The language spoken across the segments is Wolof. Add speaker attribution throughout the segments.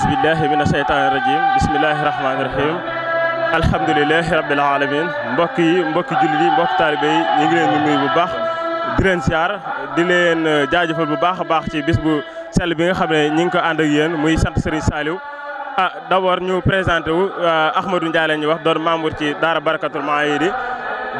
Speaker 1: aus billahi mina sheytaani rajim bismillahi rahmaani rahim alhamdulilahi rabbil alamin mbokk yi mbokki jullit yi mbokk taalibe yi ñu ngi leen di nuyu bu baax di leen siyaar di leen euh, jaajëfal bu baax a baax ci bis bu sell bi nga xam ne ñi ngi ko ànd ak muy sant Serigne Saliou a ah, d'abord ñu présenté wu euh, Ahmadou Ndiaye la ñuy wax doon membre ci daara barakatul maayidi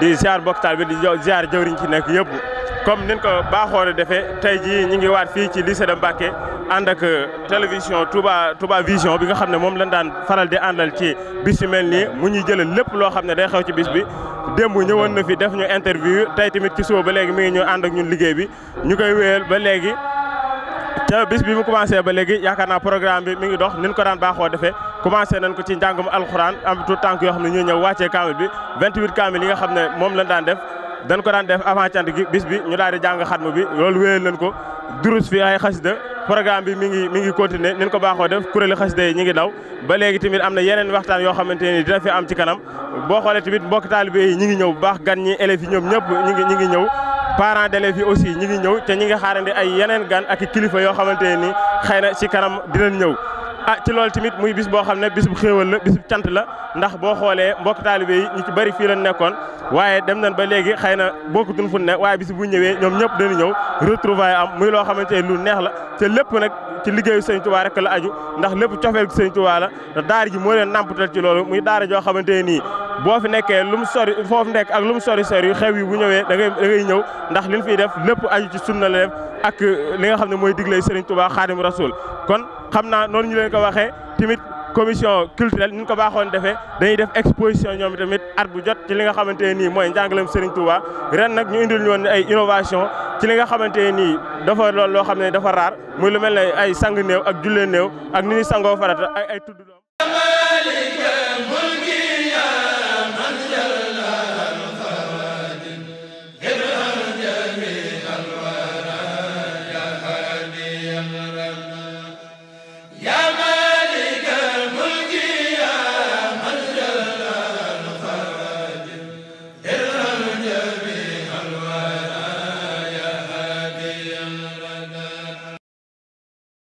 Speaker 1: di ziar mbokk taalibe di ziar jëwriñ ci nekk yëpp comme nin ko baaxoo di defee tey jii ñu ngi waat fii ci lycée de Mbacké ànd ak euh, tubaa Touba Touba Vision bi nga xam ne moom lañ daan faral di àndal ci bis mel nii mu ñuy jëlal lépp loo xam ne day xew ci bis bi. démb ñëwoon na fi def ñu interview tey tamit ci suba ba léegi mi ngi ñu ànd ak ñun liggéey bi ñu koy wéyal ba léegi te bis bi mu commencé ba léegi yaakaar naa programme bi mi ngi dox niñ ko daan baaxoo defee. commencé nañ ko ci njàngum alxuraan am tout tànk yoo xam ne ñoo ñëw wàccee kaamil bi 28 kaamil yi nga xam ne moom lañ daan dañ ko daan def avant cant gi bis bi ñu daal di jàng xatmu bi loolu wéyal nañ ko durus fi ay xasida programme bi mi ngi mi ngi continuer nin ko baaxoo def kuréelu xasida yi ñu ngi daw ba léegi tamit am na yeneen waxtaan yoo xamante ni dina fi am ci kanam boo xoolee tamit mbokk taalibe yi ñi ngi ñëw bu baax gan ñi élèves ñoom ñëpp ñi ngi ñi ngi ñëw parents d'élèves yi aussi ñi ngi ñëw te ñi ngi xaarandi ay yeneen gan ak kilifa yoo xamante ni xëy na ci kanam dinañ ñëw ah ci loolu tamit muy bis boo xam ne bis xéewal la bis cant la ndax boo xoolee mbokk taalibe yi ñu ci fii lañ nekkoon waaye dem nañ ba léegi xëy na bokkatuñ fu ne waaye bis bu ñëwee ñoom ñëpp dañu ñëw retrouvaille am muy loo xamante lu neex la te lépp nag ci liggéeyu Sëriñ Tuubaa rek la aju ndax lépp cofeel gi Sëriñ la te daara ji moo leen nàmpatal ci loolu muy daara joo xamante nii boo fi nekkee lu mu sori foofu nekk ak lu mu sori sori xew yi bu ñëwee da ngay da ngay ñëw ndax liñ fiy def lépp aju ci sunna la def ak li nga xam ne mooy digley Serigne Touba Xaadim Rasul kon xam naa noonu ñu leen ko waxee tamit commission culturelle ni ñu ko baaxoon defee dañuy def exposition ñoom tamit at bu jot ci li nga xamante ne nii mooy njàngaleem Serigne Touba ren nag ñu indil ñu woon ay innovation ci li nga xamante ne nii dafa lool loo xam ne dafa raar muy lu mel na ay sang néew ak jullee néew ak ni ñuy sangoo farata ak ay tudd doom